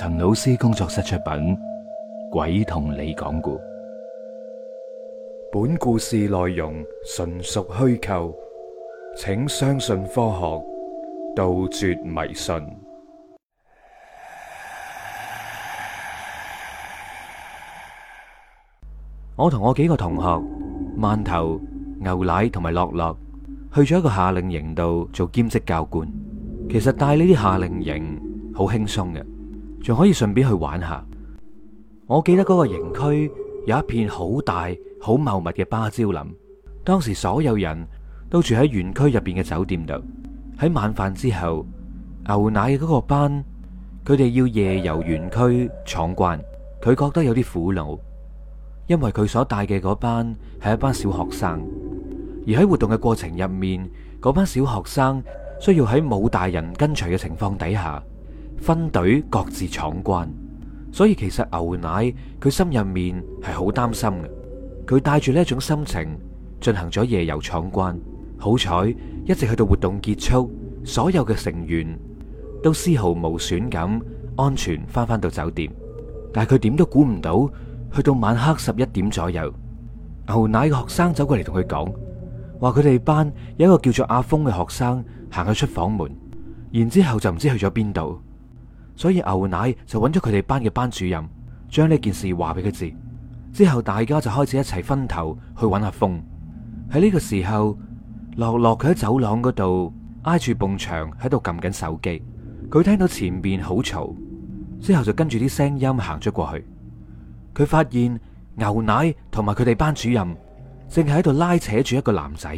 陳老師工作室出品，《鬼同你講古》。本故事內容純屬虛構，請相信科學，杜絕迷信。我同我幾個同學，饅頭、牛奶同埋樂樂，去咗一個夏令營度做兼職教官。其實帶呢啲夏令營好輕鬆嘅。仲可以順便去玩下。我記得嗰個營區有一片好大、好茂密嘅芭蕉林。當時所有人都住喺園區入邊嘅酒店度。喺晚飯之後，牛奶嘅嗰個班，佢哋要夜遊園區闖關。佢覺得有啲苦惱，因為佢所帶嘅嗰班係一班小學生。而喺活動嘅過程入面，嗰班小學生需要喺冇大人跟隨嘅情況底下，分隊各自闖關，所以其實牛奶佢心入面係好擔心嘅。佢帶住呢一種心情進行咗夜遊闖關。好彩一直去到活動結束，所有嘅成員都絲毫無損咁安全翻返到酒店。但係佢點都估唔到，去到晚黑十一點左右，牛奶嘅學生走過嚟同佢講，話佢哋班有一個叫做阿峰嘅學生行去出房門，然之後就唔知去咗邊度。所以牛奶就揾咗佢哋班嘅班主任，將呢件事話俾佢知。之後大家就開始一齊分頭去揾阿峰。喺呢個時候，樂樂佢喺走廊嗰度挨住埲牆喺度撳緊手機。佢聽到前面好嘈，之後就跟住啲聲音行咗過去。佢發現牛奶同埋佢哋班主任正係喺度拉扯住一個男仔。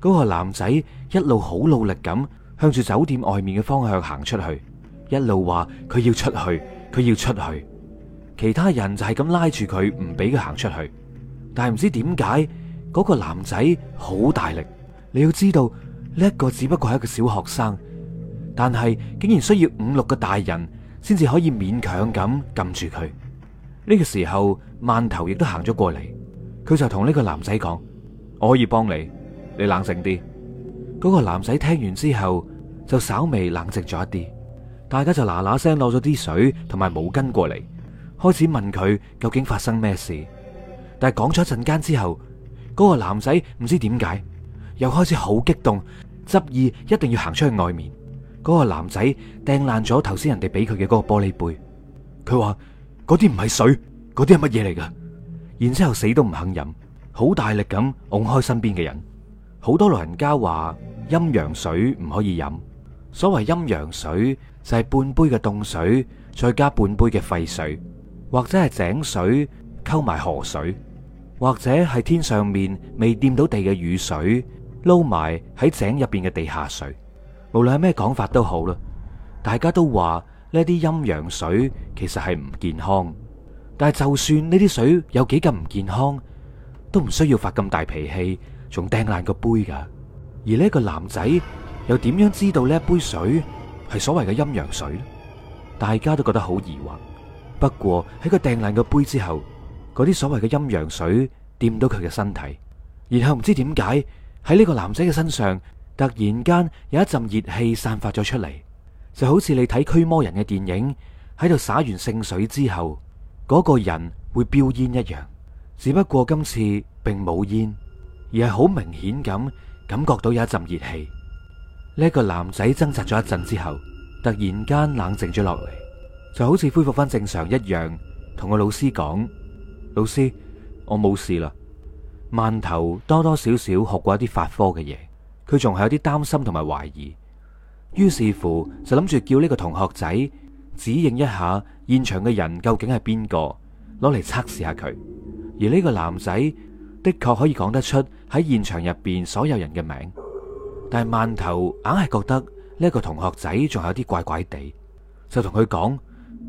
嗰個男仔一路好努力咁向住酒店外面嘅方向行出去。一路話佢要出去，佢要出去。其他人就係咁拉住佢，唔俾佢行出去。但係唔知點解嗰個男仔好大力。你要知道，呢個只不過係一個小學生，但係竟然需要五六個大人先至可以勉強咁撳住佢。呢個時候，饅頭亦都行咗過嚟，佢就同呢個男仔講：我可以幫你，你冷靜啲。嗰個男仔聽完之後，就稍微冷靜咗一啲。大家就嗱嗱聲攞咗啲水同埋毛巾過嚟，開始問佢究竟發生咩事。但係講咗一陣間之後，嗰個男仔唔知點解又開始好激動，執意一定要行出去外面。嗰個男仔掟爛咗頭先人哋俾佢嘅嗰個玻璃杯，佢話嗰啲唔係水，嗰啲係乜嘢嚟㗎？然之後死都唔肯飲，好大力咁掹開身邊嘅人。好多老人家話陰陽水唔可以飲，所謂陰陽水，就係半杯嘅凍水，再加半杯嘅沸水，或者係井水溝埋河水，或者係天上面未掂到地嘅雨水撈埋喺井入邊嘅地下水，無論係咩講法都好啦。大家都話呢啲陰陽水其實係唔健、健康，但係就算呢啲水有幾咁唔健康，都唔需要發咁大脾氣，仲掟爛個杯噶。而呢一個男仔又點樣知道呢一杯水係所謂嘅陰陽水，大家都覺得好疑惑。不過喺佢掟爛個杯之後，嗰啲所謂嘅陰陽水掂到佢嘅身體，然後唔知點解喺呢個男仔嘅身上突然間有一陣熱氣散發咗出嚟，就好似你睇驅魔人嘅電影喺度灑完聖水之後，嗰個人會飆煙一樣。只不過今次並冇煙，而係好明顯咁感覺到有一陣熱氣。呢個男仔掙扎咗一陣之後，突然間冷靜咗落嚟，就好似恢復翻正常一樣，同個老師講：老師，我冇事啦。饅頭多多少少學過一啲法科嘅嘢，佢仲係有啲擔心同埋懷疑，於是乎就諗住叫呢個同學仔指認一下現場嘅人究竟係邊個，攞嚟測試下佢。而呢個男仔的確可以講得出喺現場入邊所有人嘅名。但係饅頭硬係覺得呢個同學仔仲有啲怪怪地，就同佢講：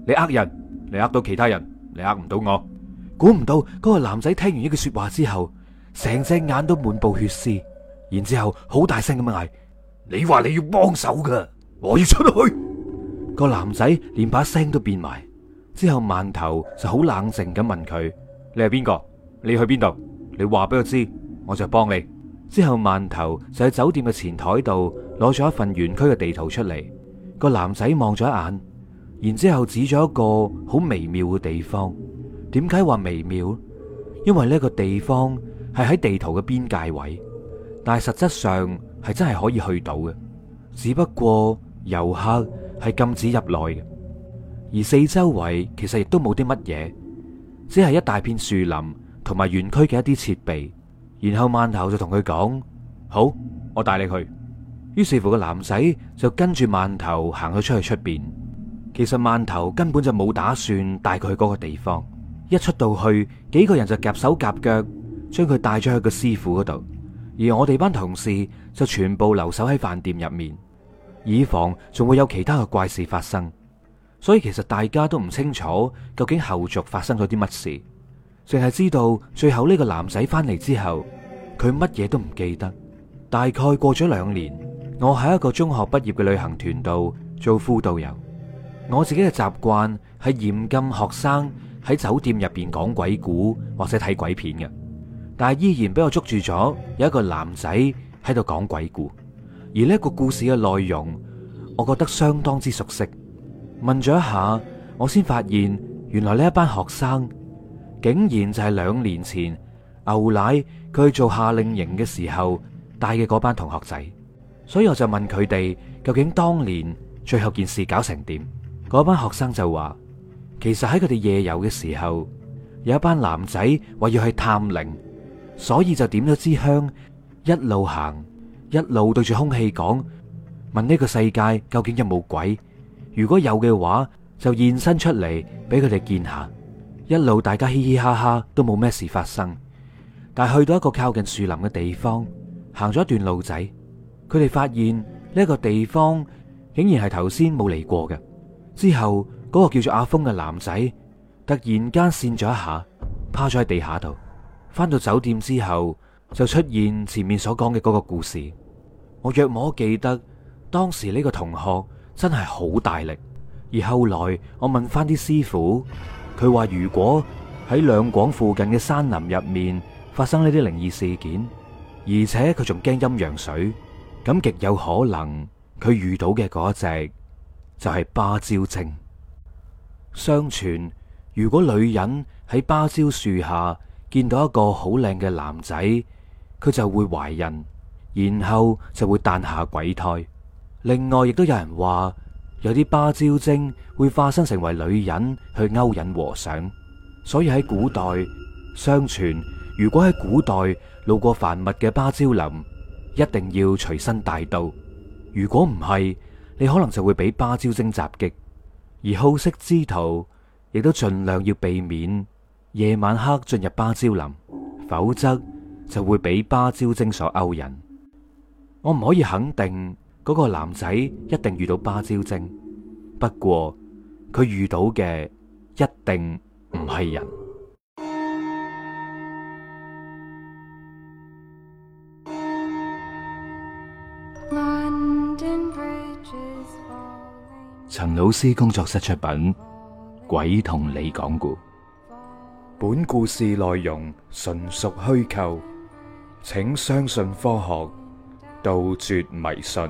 你呃人，你呃到其他人，你呃唔到我。估唔到嗰個男仔聽完呢句說話之後，成隻眼都滿佈血絲，然之後好大聲咁嗌：你話你要幫手噶，我要出去。個男仔連把聲都變埋，之後饅頭就好冷靜咁問佢：你係邊個？你去邊度？你話俾我知，我就幫你。之後，饅頭就喺酒店嘅前台度攞咗一份園區嘅地圖出嚟。個男仔望咗一眼，然之後指咗一個好微妙嘅地方。點解話微妙？因為呢個地方係喺地圖嘅邊界位，但係實質上係真係可以去到嘅。只不過遊客係禁止入內嘅，而四周圍其實亦都冇啲乜嘢，只係一大片樹林同埋園區嘅一啲設備。然後饅頭就同佢講：好，我帶你去。於是乎，個男仔就跟住饅頭行咗出去出邊。其實饅頭根本就冇打算帶佢去嗰個地方。一出到去，幾個人就夾手夾腳，將佢帶咗去個師傅嗰度。而我哋班同事就全部留守喺飯店入面，以防仲會有其他嘅怪事發生。所以其實大家都唔清楚究竟後續發生咗啲乜事。淨係知道最後呢個男仔翻嚟之後，佢乜嘢都唔記得。大概過咗兩年，我喺一個中學畢業嘅旅行團度做輔導遊。我自己嘅習慣係嚴禁學生喺酒店入邊講鬼故或者睇鬼片嘅，但係依然俾我捉住咗有一個男仔喺度講鬼故。而呢一個故事嘅內容，我覺得相當之熟悉。問咗一下，我先發現原來呢一班學生。竟然就係兩年前牛奶佢去做夏令營嘅時候帶嘅嗰班同學仔，所以我就問佢哋究竟當年最後件事搞成點？嗰班學生就話，其實喺佢哋夜遊嘅時候，有一班男仔話要去探靈，所以就點咗支香，一路行一路對住空氣講，問呢個世界究竟有冇鬼？如果有嘅話，就現身出嚟俾佢哋見下。一路大家嘻嘻哈哈，都冇咩事發生。但係去到一個靠近樹林嘅地方，行咗一段路仔，佢哋發現呢個地方竟然係頭先冇嚟過嘅。之後嗰個叫做阿峰嘅男仔突然間跣咗一下，趴咗喺地下度。翻到酒店之後，就出現前面所講嘅嗰個故事。我約摸記得，當時呢個同學真係好大力。而後來我問翻啲師傅。佢話，如果喺兩廣附近嘅山林入面發生呢啲靈異事件，而且佢仲驚陰陽水，咁極有可能佢遇到嘅嗰隻就係芭蕉精。相傳如果女人喺芭蕉樹下見到一個好靚嘅男仔，佢就會懷孕，然後就會誕下鬼胎。另外亦都有人話。有啲芭蕉精會化身成為女人去勾引和尚，所以喺古代相傳，如果喺古代路過繁密嘅芭蕉林，一定要隨身帶刀；如果唔係，你可能就會俾芭蕉精襲擊。而好色之徒亦都盡量要避免夜晚黑進入芭蕉林，否則就會俾芭蕉精所勾引。我唔可以肯定。嗰個男仔一定遇到芭蕉精，不過佢遇到嘅一定唔係人。陳老師工作室出品，《鬼同你講故講古》。本故事內容純屬虛構，請相信科學，杜絕迷信。